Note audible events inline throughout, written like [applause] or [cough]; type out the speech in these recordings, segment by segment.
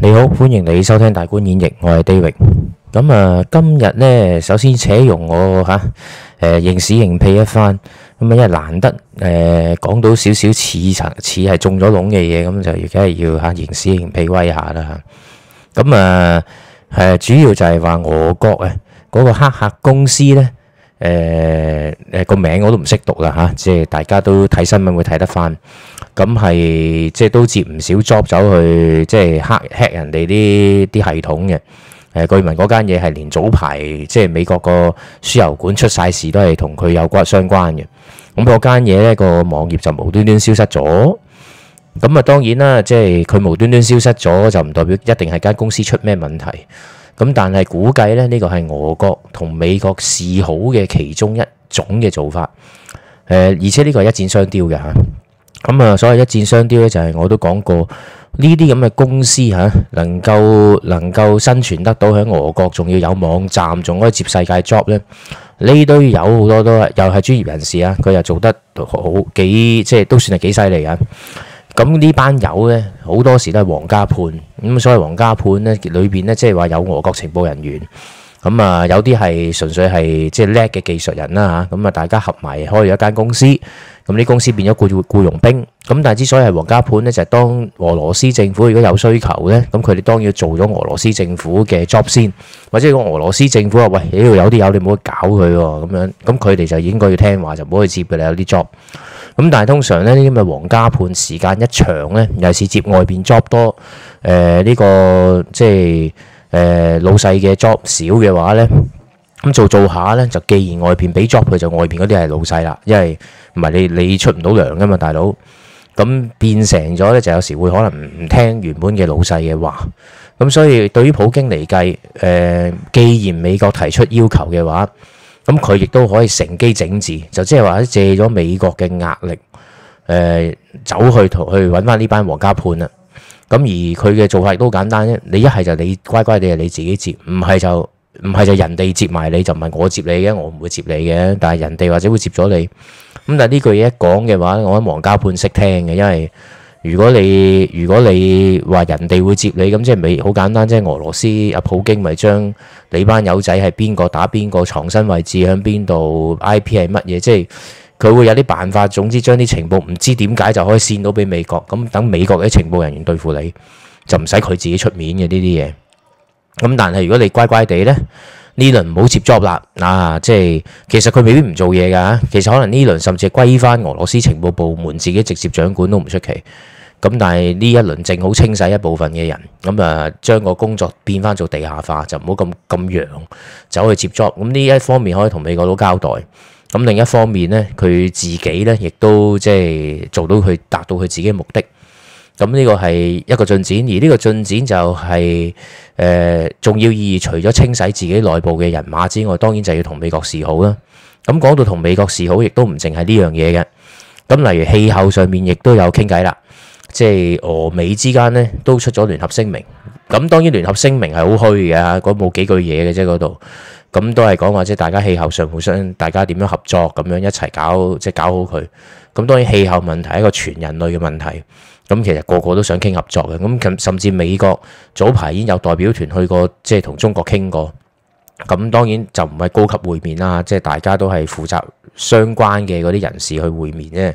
你好，歡迎你收聽大觀演繹，我係 David。咁啊，今日咧，首先且容我吓誒，認屎認屁一番。咁啊，因為難得誒講到少少似層似係中咗籠嘅嘢，咁就而家係要吓認屎認屁威下啦。咁啊，係主要就係話，俄國誒嗰個黑客公司咧，誒誒個名我都唔識讀啦吓，即係大家都睇新聞會睇得翻。咁係即係都接唔少 job 走去，即係 hack hack 人哋啲啲系統嘅。誒，據聞嗰間嘢係連早排即係美國個輸油管出曬事都係同佢有關相關嘅。咁嗰間嘢呢個網頁就無端端消失咗。咁啊，當然啦，即係佢無端端消失咗，就唔代表一定係間公司出咩問題。咁但係估計呢，呢個係俄國同美國示好嘅其中一種嘅做法。誒，而且呢個係一箭雙雕嘅嚇。咁啊，所謂一箭雙雕咧，就係我都講過呢啲咁嘅公司吓，能夠能夠生存得到喺俄國，仲要有網站，仲可以接世界 job 咧。呢堆友好多都係又係專業人士啊，佢又做得好幾，即係都算係幾犀利啊。咁呢班友咧，好多時都係皇家判咁，所謂皇家判咧裏邊咧，即係話有俄國情報人員，咁啊，有啲係純粹係即係叻嘅技術人啦吓，咁啊，大家合埋開咗一間公司。咁啲公司變咗僱僱傭兵咁，但係之所以係皇家判呢，就係當俄羅斯政府如果有需求呢，咁佢哋當然要做咗俄羅斯政府嘅 job 先，或者個俄羅斯政府話：喂，呢度有啲有，你唔好搞佢喎咁樣。咁佢哋就應該要聽話，就唔好去接嘅啦。有啲 job 咁，但係通常呢啲咁嘅皇家判時間一長呢，尤其是接外邊 job 多，誒、呃、呢、呢個即係誒、呃、老細嘅 job 少嘅話呢，咁做做下呢，就既然外邊俾 job 佢，就外邊嗰啲係老細啦，因為，唔係你，你出唔到糧噶嘛，大佬咁變成咗咧，就有時會可能唔聽原本嘅老細嘅話咁，所以對於普京嚟計，誒、呃，既然美國提出要求嘅話，咁佢亦都可以乘機整治，就即係話借咗美國嘅壓力誒、呃，走去同去揾翻呢班皇家判啦。咁而佢嘅做法亦都簡單啫，你一係就你乖乖哋你自己接，唔係就唔係就人哋接埋你就唔係我接你嘅，我唔會接你嘅，但係人哋或者會接咗你。咁但呢句嘢一講嘅話，我喺黃家判識聽嘅，因為如果你如果你話人哋會接你，咁即係咪好簡單？即係俄羅斯阿普京咪將你班友仔係邊個打邊個，藏身位置響邊度，IP 係乜嘢？即係佢會有啲辦法，總之將啲情報唔知點解就可以線到俾美國，咁等美國嘅啲情報人員對付你，就唔使佢自己出面嘅呢啲嘢。咁但係如果你乖乖地呢。呢輪唔好接 job 啦，嗱、啊，即係其實佢未必唔做嘢㗎。其實可能呢輪甚至係歸翻俄羅斯情報部門自己直接掌管都唔出奇。咁但係呢一輪正好清洗一部分嘅人，咁、嗯、啊將個工作變翻做地下化，就唔好咁咁揚走去接 job。咁呢一方面可以同美國佬交代，咁另一方面呢，佢自己呢亦都即係做到佢達到佢自己嘅目的。咁呢個係一個進展，而呢個進展就係、是、誒、呃、重要意義，除咗清洗自己內部嘅人馬之外，當然就要同美國示好啦。咁講到同美國示好，亦都唔淨係呢樣嘢嘅。咁例如氣候上面，亦都有傾偈啦。即係俄美之間呢都出咗聯合聲明。咁當然聯合聲明係好虛嘅，嗰冇幾句嘢嘅啫。嗰度。咁都係講話即大家氣候上互相，大家點樣合作咁樣一齊搞，即、就是、搞好佢。咁當然氣候問題係一個全人類嘅問題。咁其實個個都想傾合作嘅，咁甚至美國早排已經有代表團去過，即係同中國傾過。咁當然就唔係高級會面啦，即係大家都係負責相關嘅嗰啲人士去會面啫。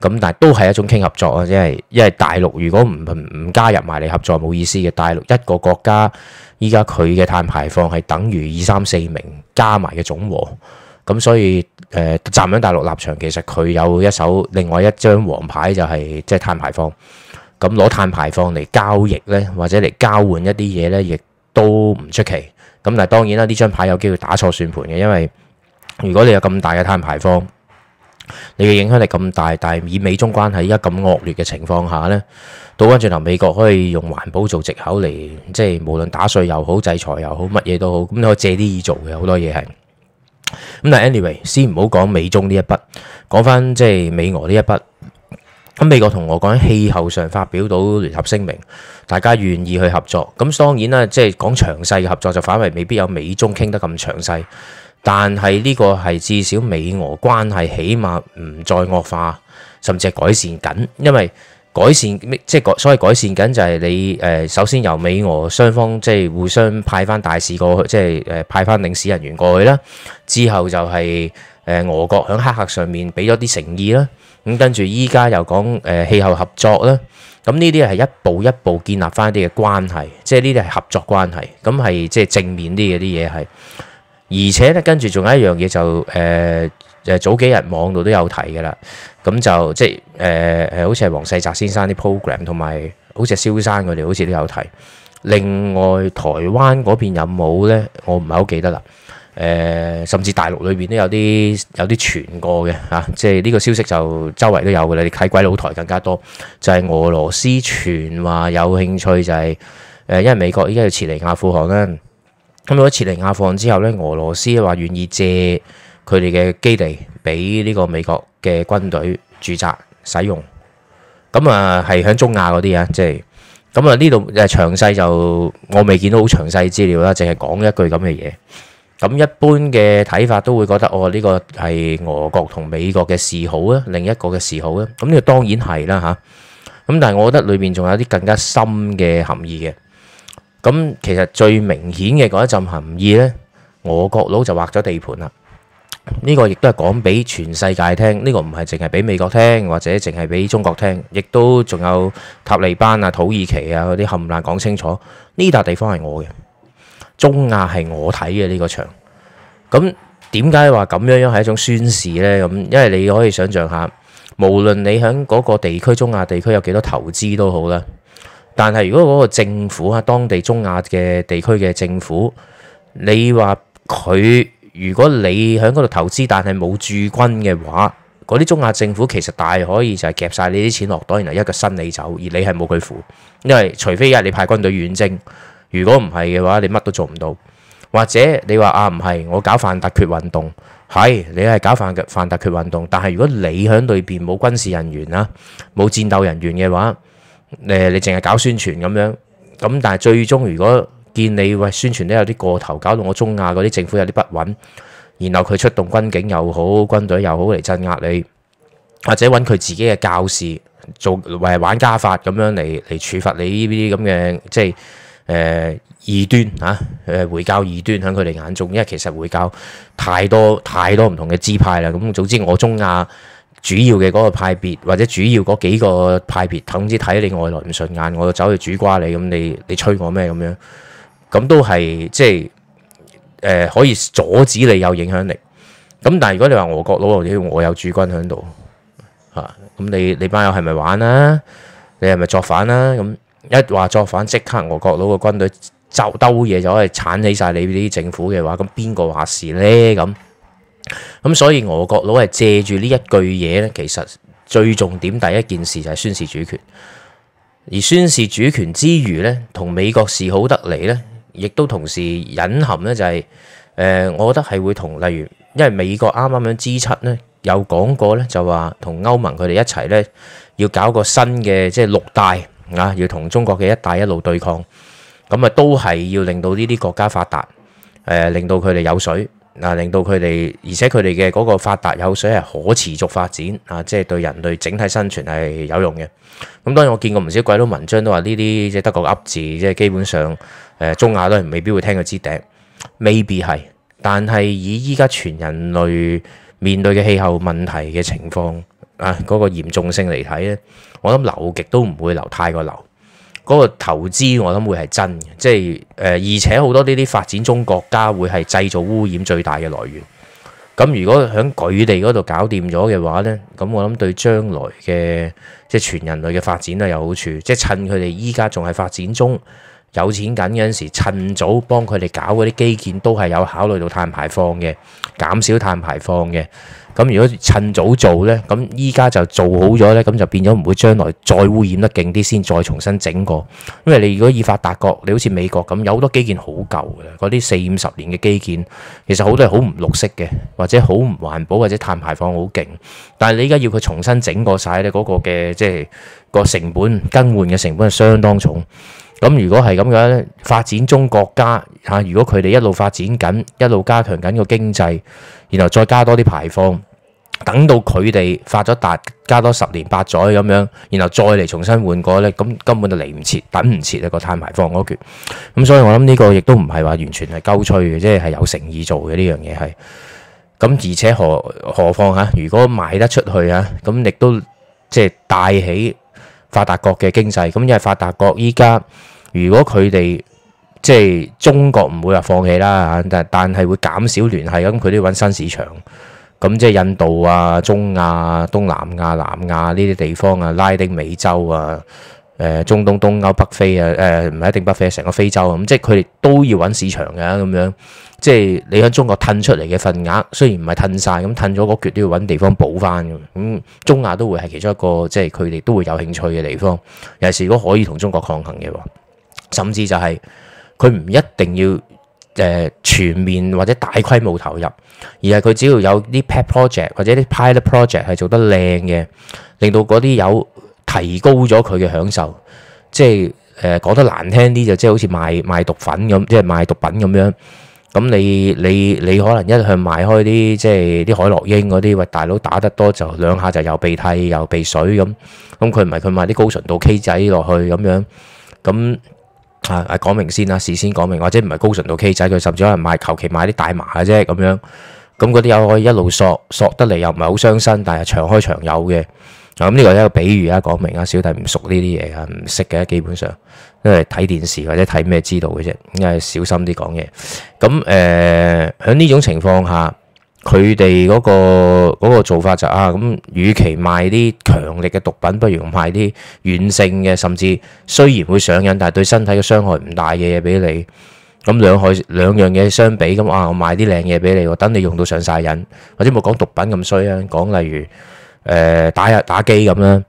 咁但係都係一種傾合作啊！即係因為大陸如果唔唔加入埋嚟合作，冇意思嘅，大陸一個國家依家佢嘅碳排放係等於二三四名加埋嘅總和。.咁所以誒、呃，站喺大陸立場，其實佢有一手另外一張王牌，就係，就係即係碳排放。咁攞碳排放嚟交易呢，或者嚟交換一啲嘢呢，亦都唔出奇。咁但係當然啦，呢張牌有機會打錯算盤嘅，因為如果你有咁大嘅碳排放，你嘅影響力咁大，但係以美中關係依家咁惡劣嘅情況下呢，倒翻轉頭美國可以用環保做藉口嚟，即、就、係、是、無論打稅又好、制裁又好、乜嘢都好，咁你可以借啲意做嘅好多嘢係。咁但係，anyway，先唔好講美中呢一筆，講翻即係美俄呢一筆。咁美國同俄講喺氣候上發表到聯合聲明，大家願意去合作。咁當然啦，即係講詳細嘅合作就反為未必有美中傾得咁詳細。但係呢個係至少美俄關係起碼唔再惡化，甚至係改善緊，因為。改善，即係改，所謂改善緊就係你誒。首先由美俄雙方即係互相派翻大使過去，即係誒派翻領事人員過去啦。之後就係誒俄國響黑客上面俾咗啲誠意啦。咁跟住依家又講誒氣候合作啦。咁呢啲係一步一步建立翻啲嘅關係，即係呢啲係合作關係。咁係即係正面啲嘅啲嘢係。而且咧，跟住仲有一樣嘢就誒。就早幾日網度都有提嘅啦，咁就即係誒誒，好似係黃世澤先生啲 program，同埋好似係蕭生佢哋好似都有提。另外台灣嗰邊有冇咧？我唔係好記得啦。誒、呃，甚至大陸裏邊都有啲有啲傳過嘅嚇、啊，即係呢個消息就周圍都有嘅啦。你睇鬼佬台更加多，就係、是、俄羅斯傳話有興趣、就是，就係誒，因為美國依家要撤離亞富汗啦。咁、嗯、如果撤離阿富汗之後咧，俄羅斯話願意借。佢哋嘅基地俾呢個美國嘅軍隊駐紮使用，咁啊係喺中亞嗰啲啊，即係咁啊呢度誒詳細就我未見到好詳細資料啦，淨係講一句咁嘅嘢。咁一般嘅睇法都會覺得哦，呢個係俄國同美國嘅示好啊，另一個嘅示好啊。咁呢個當然係啦嚇。咁但係我覺得裏面仲有啲更加深嘅含義嘅。咁其實最明顯嘅嗰一陣含義咧，俄國佬就劃咗地盤啦。呢個亦都係講俾全世界聽，呢個唔係淨係俾美國聽，或者淨係俾中國聽，亦都仲有塔利班啊、土耳其啊嗰啲冚唪唥講清楚，呢笪地方係我嘅，中亞係我睇嘅呢個場。咁點解話咁樣樣係一種宣示呢？咁因為你可以想象下，無論你喺嗰個地區、中亞地區有幾多投資都好啦，但係如果嗰個政府啊，當地中亞嘅地區嘅政府，你話佢。如果你喺嗰度投資，但係冇駐軍嘅話，嗰啲中亞政府其實大可以就係夾晒你啲錢落袋，然後一腳伸你走，而你係冇佢符。因為除非啊，你派軍隊遠征，如果唔係嘅話，你乜都做唔到。或者你話啊，唔係我搞泛突厥運動，係你係搞泛泛突厥運動，但係如果你喺裏邊冇軍事人員啦，冇戰鬥人員嘅話，你淨係搞宣傳咁樣，咁但係最終如果，見你喂宣傳都有啲過頭，搞到我中亞嗰啲政府有啲不穩，然後佢出動軍警又好，軍隊又好嚟鎮壓你，或者揾佢自己嘅教士做，玩家法咁樣嚟嚟處罰你呢啲咁嘅即係誒異端啊誒回教異端，喺佢哋眼中，因為其實回教太多太多唔同嘅支派啦。咁總之我中亞主要嘅嗰個派別或者主要嗰幾個派別，總之睇你外來唔順眼，我就走去煮瓜你咁，你你吹我咩咁樣？咁都係即係誒、呃，可以阻止你有影響力。咁但係如果你話俄國佬，我有駐軍喺度嚇，咁、啊、你你班友係咪玩啊？你係咪作反啊？咁一話作反，即刻俄國佬嘅軍隊就兜嘢就去鏟起晒你啲政府嘅話，咁邊個話事呢？咁咁所以俄國佬係借住呢一句嘢呢，其實最重點第一件事就係宣示主權。而宣示主權之餘呢，同美國示好得嚟呢。亦都同時隱含咧，就是，就係誒，我覺得係會同，例如因為美國啱啱樣 G7 咧，有講過咧，就話同歐盟佢哋一齊咧，要搞個新嘅即係六帶啊，要同中國嘅一帶一路對抗咁啊，都係要令到呢啲國家發達誒，令到佢哋有水啊，令到佢哋、啊、而且佢哋嘅嗰個發達有水係可持續發展啊，即係對人類整體生存係有用嘅。咁、啊、當然我見過唔少鬼佬文章都話呢啲即係得個噏字，即係基本上。誒，中亞都係未必會聽佢支笛，未必係。但係以依家全人類面對嘅氣候問題嘅情況啊，嗰個嚴重性嚟睇咧，我諗流極都唔會流太過流。嗰個投資我諗會係真嘅，即係誒，而且好多呢啲發展中國家會係製造污染最大嘅來源。咁如果喺佢哋嗰度搞掂咗嘅話咧，咁我諗對將來嘅即係全人類嘅發展都有好處，即係趁佢哋依家仲係發展中。有錢緊嗰陣時，趁早幫佢哋搞嗰啲基建，都係有考慮到碳排放嘅，減少碳排放嘅。咁如果趁早做呢，咁依家就做好咗呢，咁就變咗唔會將來再污染得勁啲，先再，再重新整過。因為你如果以發達國，你好似美國咁，有好多基建好舊嘅，嗰啲四五十年嘅基建，其實好多係好唔綠色嘅，或者好唔環保，或者碳排放好勁。但係你依家要佢重新整過晒咧，嗰、嗰個嘅即係、個成本，更換嘅成本係相當重。咁如果係咁樣咧，發展中國家嚇，如果佢哋一路發展緊，一路加強緊個經濟，然後再加多啲排放，等到佢哋發咗達，加多十年八載咁樣，然後再嚟重新換過呢，咁根本就嚟唔切，等唔切啊個碳排放嗰橛。咁、嗯、所以我諗呢個亦都唔係話完全係鳩吹嘅，即係有誠意做嘅呢樣嘢係。咁而且何何況嚇、啊，如果賣得出去啊，咁亦都即係帶起。發達國嘅經濟，咁因為發達國依家如果佢哋即係中國唔會話放棄啦，但但係會減少聯繫咁，佢都要揾新市場。咁即係印度啊、中亞、東南亞、南亞呢啲地方啊、拉丁美洲啊、誒、中東、東歐、北非啊、誒唔係一定北非，成個非洲咁，即係佢哋都要揾市場㗎咁樣。即係你喺中國褪出嚟嘅份額，雖然唔係褪晒，咁褪咗嗰橛都要揾地方補翻嘅。咁中亞都會係其中一個，即係佢哋都會有興趣嘅地方。尤其是如果可以同中國抗衡嘅話，甚至就係佢唔一定要誒、呃、全面或者大規模投入，而係佢只要有啲 pet project 或者啲 pilot project 係做得靚嘅，令到嗰啲有提高咗佢嘅享受。即係誒講得難聽啲就即係好似賣賣毒品咁，即係賣毒品咁樣。咁你你你可能一向賣開啲即係啲海洛英嗰啲，喂，大佬打得多就兩下就又鼻涕又鼻水咁，咁佢唔係佢賣啲高純度 K 仔落去咁樣，咁啊啊講明先啦，事先講明，或者唔係高純度 K 仔，佢甚至可能賣求其賣啲大麻嘅啫咁樣，咁嗰啲又可以一路索索得嚟，又唔係好傷身，但係長開長有嘅。咁呢個一個比喻啊，講明啊，小弟唔熟呢啲嘢噶，唔識嘅，基本上因為睇電視或者睇咩知道嘅啫。咁啊，應該係小心啲講嘢。咁誒，喺、呃、呢種情況下，佢哋嗰個嗰個做法就、啊，咁與其賣啲強力嘅毒品，不如賣啲軟性嘅，甚至雖然會上癮，但係對身體嘅傷害唔大嘅嘢俾你。咁兩害兩樣嘢相比，咁啊，我賣啲靚嘢俾你，等你用到上晒癮，或者冇講毒品咁衰啊，講例如。誒、呃，打下打機咁啦，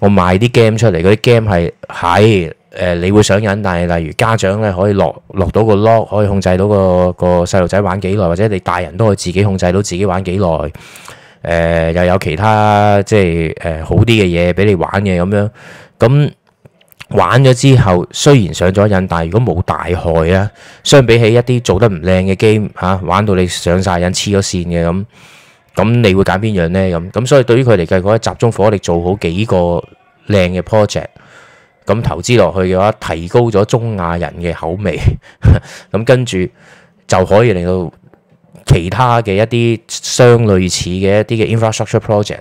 我賣啲 game 出嚟，嗰啲 game 係係誒，你會上癮，但係例如家長咧，可以落落到個 lock，可以控制到個個細路仔玩幾耐，或者你大人都可以自己控制到自己玩幾耐。誒、呃，又有其他即係誒、呃、好啲嘅嘢俾你玩嘅咁樣，咁玩咗之後雖然上咗癮，但係如果冇大害啊，相比起一啲做得唔靚嘅 game 吓，玩到你上晒癮黐咗線嘅咁。咁你會揀邊樣呢？咁咁所以對於佢嚟計，嗰啲集中火力做好幾個靚嘅 project，咁投資落去嘅話，提高咗中亞人嘅口味，咁跟住就可以令到其他嘅一啲相類似嘅一啲嘅 infrastructure project，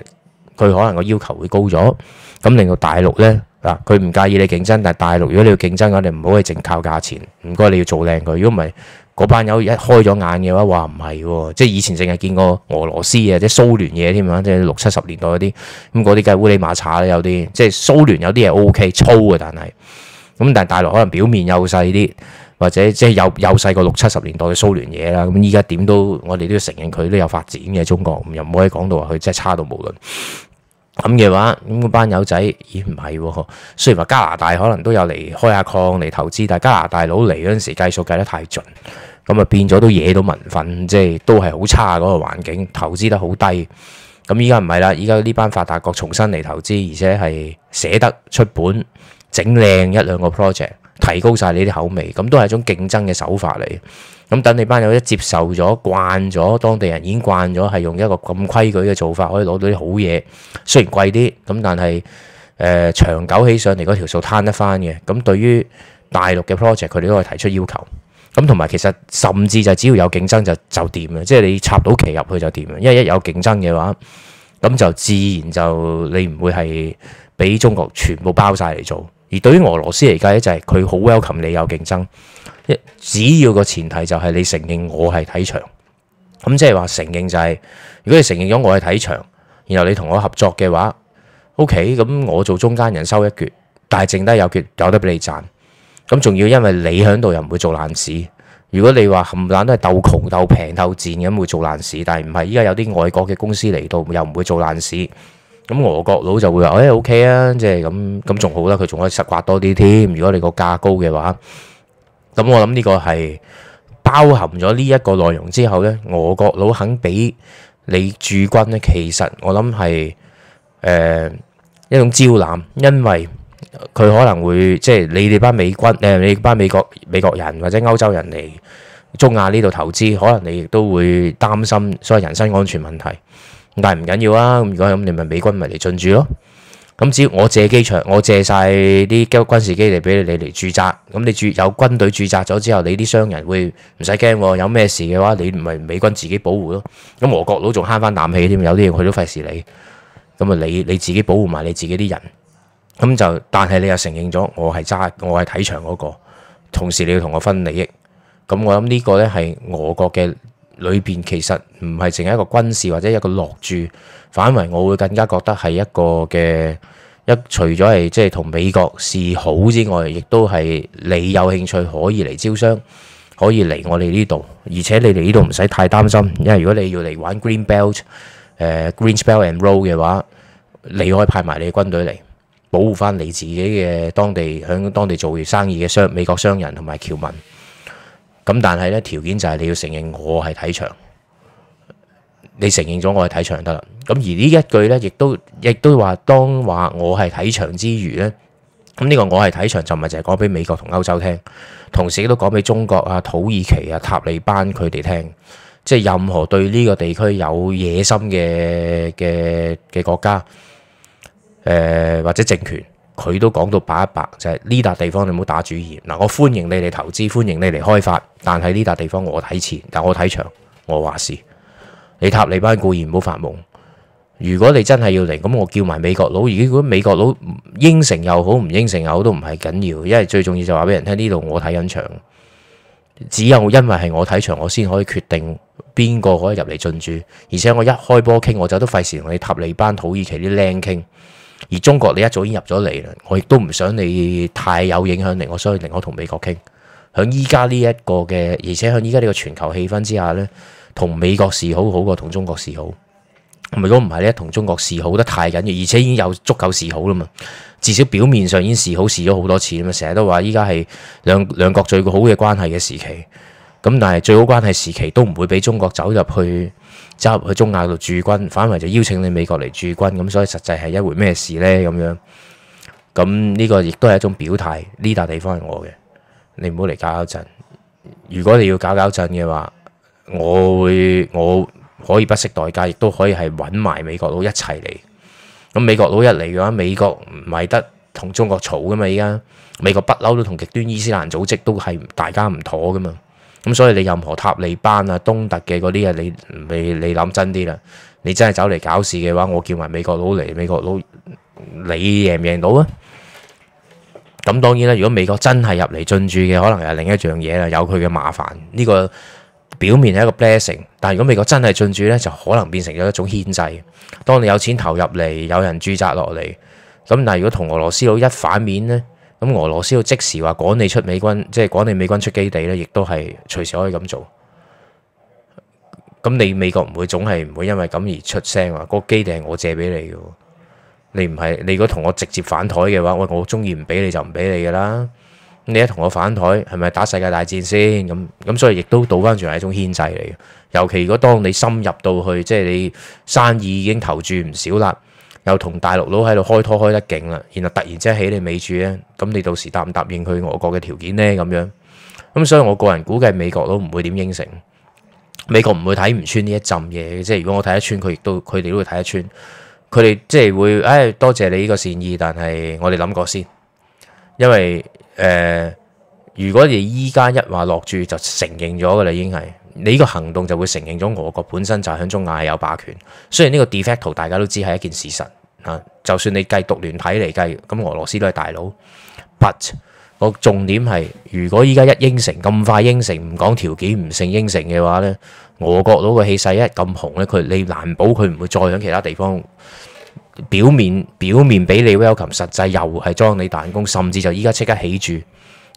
佢可能個要求會高咗，咁令到大陸呢，嗱，佢唔介意你競爭，但係大陸如果你要競爭嘅，你唔好去淨靠價錢，唔該你要做靚佢，如果唔係。嗰班友一開咗眼嘅話，話唔係喎，即係以前淨係見過俄羅斯嘅，即係蘇聯嘢添啊，即係六七十年代嗰啲，咁嗰啲梗係烏里馬查啦，有啲即係蘇聯有啲係 OK 粗嘅，但係咁但係大陸可能表面幼細啲，或者即係又幼細過六七十年代嘅蘇聯嘢啦，咁依家點都我哋都要承認佢都有發展嘅中國，又唔可以講到話佢真係差到無論。咁嘅話，咁個班友仔，咦？唔係喎。雖然話加拿大可能都有嚟開下礦嚟投資，但係加拿大佬嚟嗰陣時計數計得太盡，咁啊變咗都惹到民憤，即係都係好差嗰個環境，投資得好低。咁依家唔係啦，依家呢班發達國重新嚟投資，而且係捨得出本整靚一兩個 project，提高晒你啲口味，咁都係一種競爭嘅手法嚟。咁等你班友一接受咗、慣咗，當地人已經慣咗，係用一個咁規矩嘅做法，可以攞到啲好嘢。雖然貴啲，咁但係誒、呃、長久起上嚟嗰條數攤得翻嘅。咁對於大陸嘅 project，佢哋都可以提出要求。咁同埋其實甚至就只要有競爭就就掂嘅，即係你插到旗入去就掂。因為一有競爭嘅話，咁就自然就你唔會係俾中國全部包晒嚟做。而對於俄羅斯嚟講咧，就係佢好 welcome 你有競爭。只要個前提就係你承認我係睇場，咁即係話承認就係、是，如果你承認咗我係睇場，然後你同我合作嘅話，O K，咁我做中間人收一橛，但係剩低有橛，有得俾你賺，咁仲要因為你喺度又唔會做爛市。如果你話冚唪唥都係鬥窮鬥平鬥賤咁會做爛市，但係唔係。依家有啲外國嘅公司嚟到又唔會做爛市。咁俄國佬就會話，誒 O K 啊，即係咁咁仲好啦，佢仲可以實刮多啲添。如果你個價高嘅話。咁我諗呢個係包含咗呢一個內容之後呢，俄國佬肯俾你駐軍呢，其實我諗係誒一種招攬，因為佢可能會即係你哋班美軍誒、呃，你哋班美國美國人或者歐洲人嚟，中亞呢度投資，可能你亦都會擔心所謂人身安全問題。但係唔緊要啊，咁如果咁，你咪美軍咪嚟進駐咯。咁只要我借機場，我借晒啲軍事基地嚟俾你嚟駐紮，咁你駐有軍隊駐紮咗之後，你啲商人會唔使驚喎？有咩事嘅話，你唔係美軍自己保護咯。咁俄國佬仲慳翻啖氣添，有啲嘢佢都費事你。咁啊，你你自己保護埋你自己啲人，咁就但係你又承認咗我係揸我係睇場嗰個，同時你要同我分利益。咁我諗呢個咧係俄國嘅。裏邊其實唔係淨係一個軍事或者一個落注，反為，我會更加覺得係一個嘅一個除咗係即係同美國示好之外，亦都係你有興趣可以嚟招商，可以嚟我哋呢度。而且你哋呢度唔使太擔心，因為如果你要嚟玩 Green Belt、呃、Green Belt and Roll 嘅話，你可以派埋你嘅軍隊嚟保護翻你自己嘅當地響當地做生意嘅商美國商人同埋僑民。咁但係咧，條件就係你要承認我係睇場，你承認咗我係睇場得啦。咁而呢一句咧，亦都亦都話當話我係睇場之餘咧，咁、這、呢個我係睇場就唔係淨係講俾美國同歐洲聽，同時亦都講俾中國啊、土耳其啊、塔利班佢哋聽，即係任何對呢個地區有野心嘅嘅嘅國家，誒、呃、或者政權。佢都講到白一白，就係呢笪地方你唔好打主意。嗱，我歡迎你嚟投資，歡迎你嚟開發，但係呢笪地方我睇錢，但我睇場，我話事。你塔利班固然唔好發夢，如果你真係要嚟，咁我叫埋美國佬。如果美國佬應承又好，唔應承又好，都唔係緊要，因為最重要就話俾人聽，呢度我睇緊場。只有因為係我睇場，我先可以決定邊個可以入嚟進駐，而且我一開波傾，我就都費事同你塔利班、土耳其啲靚傾。而中國你一早已經入咗嚟啦，我亦都唔想你太有影響力，我所以寧可同美國傾。響依家呢一個嘅，而且響依家呢個全球氣氛之下呢，同美國示好好過同中國示好。如果唔係咧，同中國示好得太緊要，而且已經有足夠示好啦嘛。至少表面上已經示好示咗好多次啦嘛，成日都話依家係兩兩國最好嘅關係嘅時期。咁但係最好關係時期都唔會俾中國走入去。走入去中亞度駐軍，反為就邀請你美國嚟駐軍，咁所以實際係一回咩事呢？咁樣咁呢個亦都係一種表態，呢笪地方係我嘅，你唔好嚟搞搞震。如果你要搞搞震嘅話，我會我可以不惜代價，亦都可以係揾埋美國佬一齊嚟。咁美國佬一嚟嘅話，美國唔係得同中國吵噶嘛？依家美國不嬲都同極端伊斯蘭組織都係大家唔妥噶嘛。咁所以你任何塔利班啊、東突嘅嗰啲啊，你你你諗真啲啦，你真係走嚟搞事嘅話，我叫埋美國佬嚟，美國佬你贏唔贏到啊？咁當然啦，如果美國真係入嚟進駐嘅，可能又另一樣嘢啦，有佢嘅麻煩。呢個表面係一個 blessing，但係如果美國真係進駐呢，就可能變成咗一種牽制。當你有錢投入嚟，有人駐紮落嚟，咁但係如果同俄羅斯佬一反面呢。咁俄羅斯要即時話趕你出美軍，即係趕你美軍出基地咧，亦都係隨時可以咁做。咁你美國唔會總係唔會因為咁而出聲話個基地係我借俾你噶，你唔係你如果同我直接反台嘅話，喂，我中意唔俾你就唔俾你噶啦。你一同我反台，係咪打世界大戰先咁咁？所以亦都倒翻轉係一種牽制嚟嘅。尤其如果當你深入到去，即係你生意已經投注唔少啦。又同大陸佬喺度開拖開得勁啦，然後突然之間起你尾住咧，咁你到時答唔答應佢俄國嘅條件呢？咁樣咁，所以我個人估計美國都唔會點應承，美國唔會睇唔穿呢一浸嘢嘅，即係如果我睇得穿，佢亦都佢哋都會睇得穿，佢哋即係會，唉、哎，多謝你呢個善意，但係我哋諗過先，因為誒、呃，如果你依家一話落住就承認咗噶啦，已經係。你依個行動就會承認咗俄國本身就喺中亞有霸權，雖然呢個 de facto 大家都知係一件事實嚇、啊，就算你計獨聯體嚟計，咁俄羅斯都係大佬。But、個重點係，如果依家一應承咁快應承，唔講條件，唔勝應承嘅話呢俄國佬個氣勢一咁紅呢佢你難保佢唔會再喺其他地方表面表面俾你 welcome，實際又係裝你彈弓，甚至就依家即刻起住。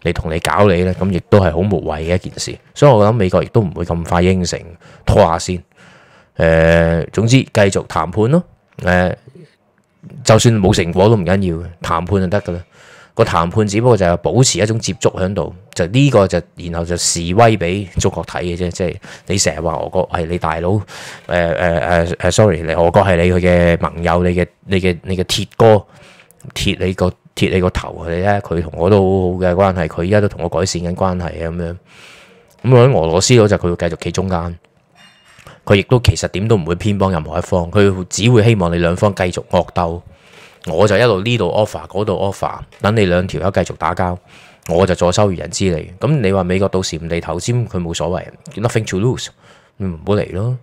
你同你搞你咧，咁亦都係好無謂嘅一件事，所以我諗美國亦都唔會咁快應承，拖下先。誒、呃，總之繼續談判咯。誒、呃，就算冇成果都唔緊要嘅，談判就得噶啦。個談判只不過就係保持一種接觸喺度，就呢個就然後就示威俾中國睇嘅啫。即係你成日話俄國係你大佬，誒誒誒誒，sorry，你俄國係你佢嘅盟友，你嘅你嘅你嘅鐵哥，鐵你個。貼你個頭佢咧，佢同我都好好嘅關係，佢依家都同我改善緊關係咁樣。咁喺俄羅斯嗰，就佢會繼續企中間，佢亦都其實點都唔會偏幫任何一方，佢只會希望你兩方繼續惡鬥。我就一路呢度 offer，嗰度 offer，等你兩條友繼續打交，我就坐收漁人之利。咁你話美國到時唔理頭先，佢冇所謂，nothing to lose，唔好嚟咯，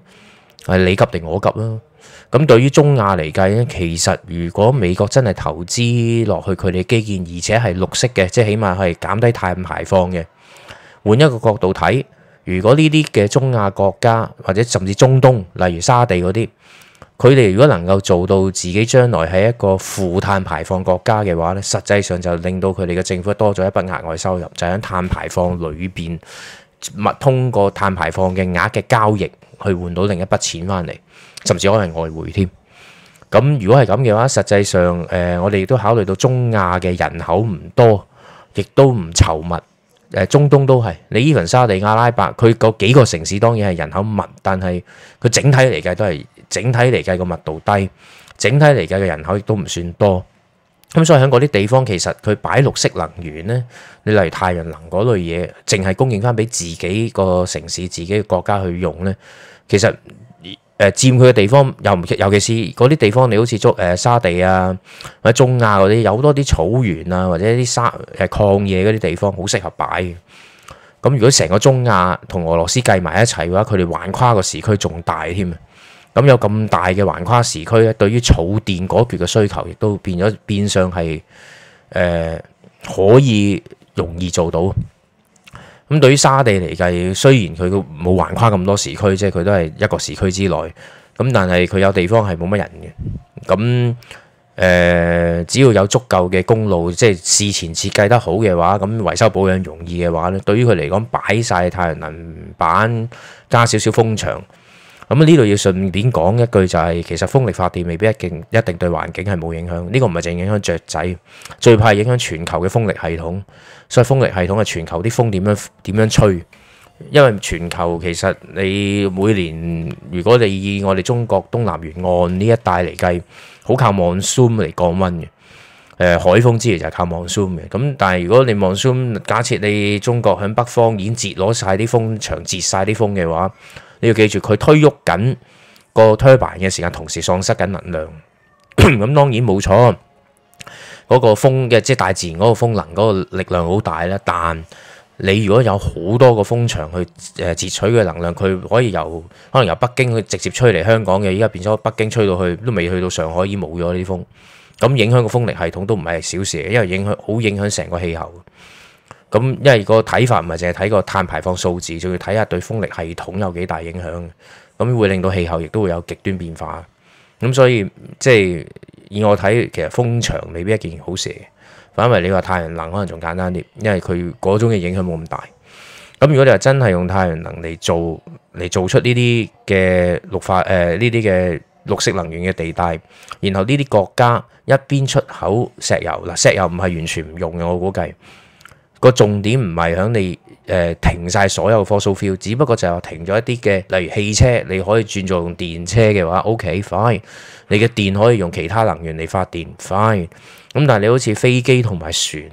係你急定我急啦？啊。咁對於中亞嚟計咧，其實如果美國真係投資落去佢哋基建，而且係綠色嘅，即係起碼係減低碳排放嘅。換一個角度睇，如果呢啲嘅中亞國家或者甚至中東，例如沙地嗰啲，佢哋如果能夠做到自己將來係一個負碳排放國家嘅話咧，實際上就令到佢哋嘅政府多咗一筆額外收入，就喺碳排放裏邊，物通過碳排放嘅額嘅交易去換到另一筆錢翻嚟。甚至可能係外匯添。咁如果係咁嘅話，實際上誒，我哋亦都考慮到中亞嘅人口唔多，亦都唔稠密。誒，中東都係，你 even 沙地阿拉伯，佢嗰幾個城市當然係人口密，但係佢整體嚟計都係整體嚟計個密度低，整體嚟計嘅人口亦都唔算多。咁所以喺嗰啲地方，其實佢擺綠色能源呢，你例如太陽能嗰類嘢，淨係供應翻俾自己個城市、自己嘅國家去用呢，其實。誒，佔佢嘅地方又唔，尤其是嗰啲地方，你好似捉誒，沙地啊，或者中亞嗰啲有好多啲草原啊，或者啲沙誒、呃、曠野嗰啲地方，好適合擺。咁如果成個中亞同俄羅斯計埋一齊嘅話，佢哋橫跨個時區仲大添啊！咁有咁大嘅橫跨時區咧，對於儲電嗰橛嘅需求，亦都變咗變相係誒、呃、可以容易做到。咁對於沙地嚟計，雖然佢冇橫跨咁多時區，即係佢都係一個時區之內。咁但係佢有地方係冇乜人嘅。咁誒、呃，只要有足夠嘅公路，即係事前設計得好嘅話，咁維修保養容易嘅話咧，對於佢嚟講，擺晒太陽能板加少少風場。咁呢度要順便講一句，就係，就係其實風力發電未必一定一定對環境係冇影響。呢、呢個唔係淨影響雀仔，最怕係影響全球嘅風力系統。所以風力系統係全球啲風點樣點樣吹？因為全球其實你每年，如果你以我哋中國東南沿岸呢一帶嚟計，好靠望舒嚟降溫嘅。誒、呃、海風之餘就係靠望舒嘅。咁但係如果你望舒假設你中國響北方已經截攞晒啲風場，截晒啲風嘅話，你要記住，佢推喐緊個推板嘅時間，同時喪失緊能量。咁 [coughs] 當然冇錯，嗰、嗰個風嘅即係大自然嗰個風能嗰個力量好大咧。但你如果有好多個風場去誒截取嘅能量，佢可以由可能由北京去直接吹嚟香港嘅，依家變咗北京吹到去都未去到上海，已經冇咗呢啲風。咁影響個風力系統都唔係小事，因為影響好影響成個氣候。咁，因為個睇法唔係淨係睇個碳排放數字，仲要睇下對風力系統有幾大影響。咁會令到氣候亦都會有極端變化。咁所以即係以我睇，其實風場未必一件好事。反為你話太陽能可能仲簡單啲，因為佢嗰種嘅影響冇咁大。咁如果你話真係用太陽能嚟做嚟做出呢啲嘅綠化誒呢啲嘅綠色能源嘅地帶，然後呢啲國家一邊出口石油嗱，石油唔係完全唔用嘅，我估計。個重點唔係喺你誒、呃、停晒所有 fuel，只不過就係停咗一啲嘅，例如汽車你可以轉做用電車嘅話，OK fine。你嘅電可以用其他能源嚟發電，fine。咁但係你好似飛機同埋船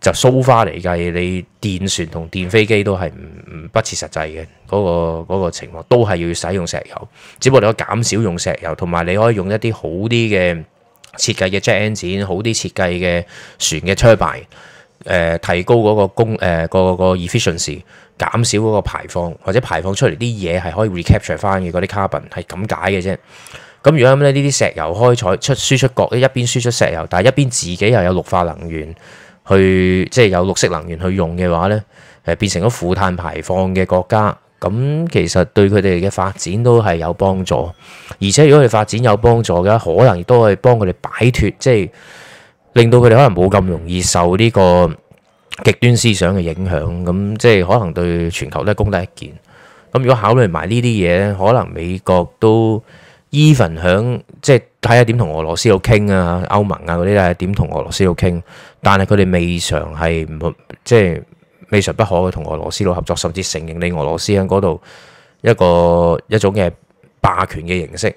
就蘇花嚟計，你電船同電飛機都係唔唔不切實際嘅，嗰、嗰個嗰個情況都係要使用石油，只不過你可以減少用石油，同埋你可以用一啲好啲嘅設計嘅 jet engine，好啲設計嘅船嘅出牌。誒、呃、提高嗰個供誒、呃、efficiency，減少嗰個排放，或者排放出嚟啲嘢係可以 recapture 翻嘅嗰啲 carbon 係咁解嘅啫。咁如果咁呢啲石油開採出輸出國，一邊輸出石油，但係一邊自己又有綠化能源去，即係有綠色能源去用嘅話呢，誒、呃、變成咗負碳排放嘅國家，咁其實對佢哋嘅發展都係有幫助。而且如果佢哋發展有幫助嘅，可能亦都可以幫佢哋擺脫即係。令到佢哋可能冇咁容易受呢個極端思想嘅影響，咁即係可能對全球都係功德一件。咁如果考慮埋呢啲嘢咧，可能美國都 even 響，即係睇下點同俄羅斯佬傾啊、歐盟啊嗰啲啊點同俄羅斯佬傾，但係佢哋未嘗係唔即係未嘗不可去同俄羅斯佬合作，甚至承認你俄羅斯喺嗰度一個一種嘅霸權嘅形式。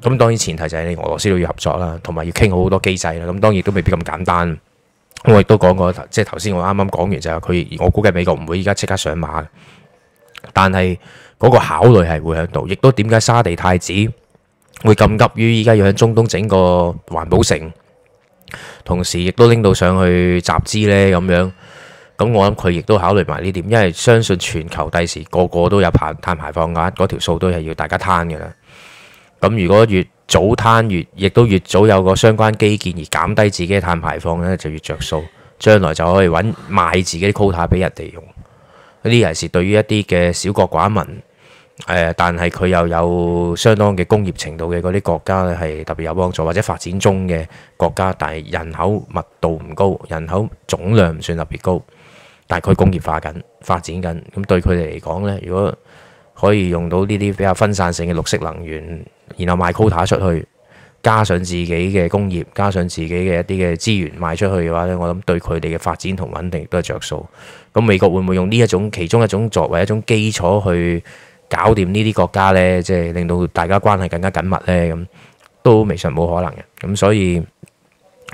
咁當然前提就係你俄羅斯都要合作啦，同埋要傾好多機制啦。咁當然都未必咁簡單。我亦都講過，即係頭先我啱啱講完就係佢，我估計美國唔會依家即刻上馬，但係嗰個考慮係會喺度。亦都點解沙地太子會咁急於依家要喺中東整個環保城，同時亦都拎到上去集資呢？咁樣？咁我諗佢亦都考慮埋呢點，因為相信全球第時個個都有碳，碳排放嘅話，嗰條數都係要大家攤嘅啦。咁如果越早攤越，亦都越早有個相關基建而減低自己嘅碳排放呢，就越着數。將來就可以揾賣自己啲 quota 俾人哋用。呢啲尤其是對於一啲嘅小國寡民，呃、但係佢又有相當嘅工業程度嘅嗰啲國家咧，係特別有幫助，或者發展中嘅國家，但係人口密度唔高，人口總量唔算特別高，但係佢工業化緊，發展緊，咁對佢哋嚟講呢，如果可以用到呢啲比較分散性嘅綠色能源。然後賣 quota 出去，加上自己嘅工業，加上自己嘅一啲嘅資源賣出去嘅話呢，我諗對佢哋嘅發展同穩定都係着數。咁美國會唔會用呢一種其中一種作為一種基礎去搞掂呢啲國家呢？即係令到大家關係更加緊密呢？咁都未實冇可能嘅。咁所以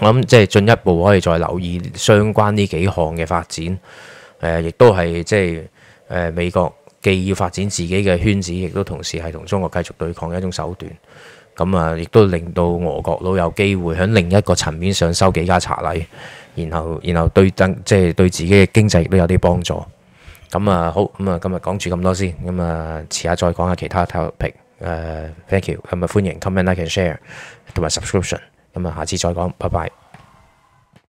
我諗即係進一步可以再留意相關呢幾項嘅發展。誒、呃，亦都係即係誒、呃、美國。既要發展自己嘅圈子，亦都同時係同中國繼續對抗嘅一種手段。咁啊，亦都令到俄國都有機會喺另一個層面上收幾家茶禮，然後然後對等即係對自己嘅經濟都有啲幫助。咁啊好，咁啊今日講住咁多先，咁啊遲下再講下其他 topic。呃、t h a n k you，咁咪、啊、歡迎 comment、like 言 and share 同埋 subscription。咁啊下次再講，拜拜。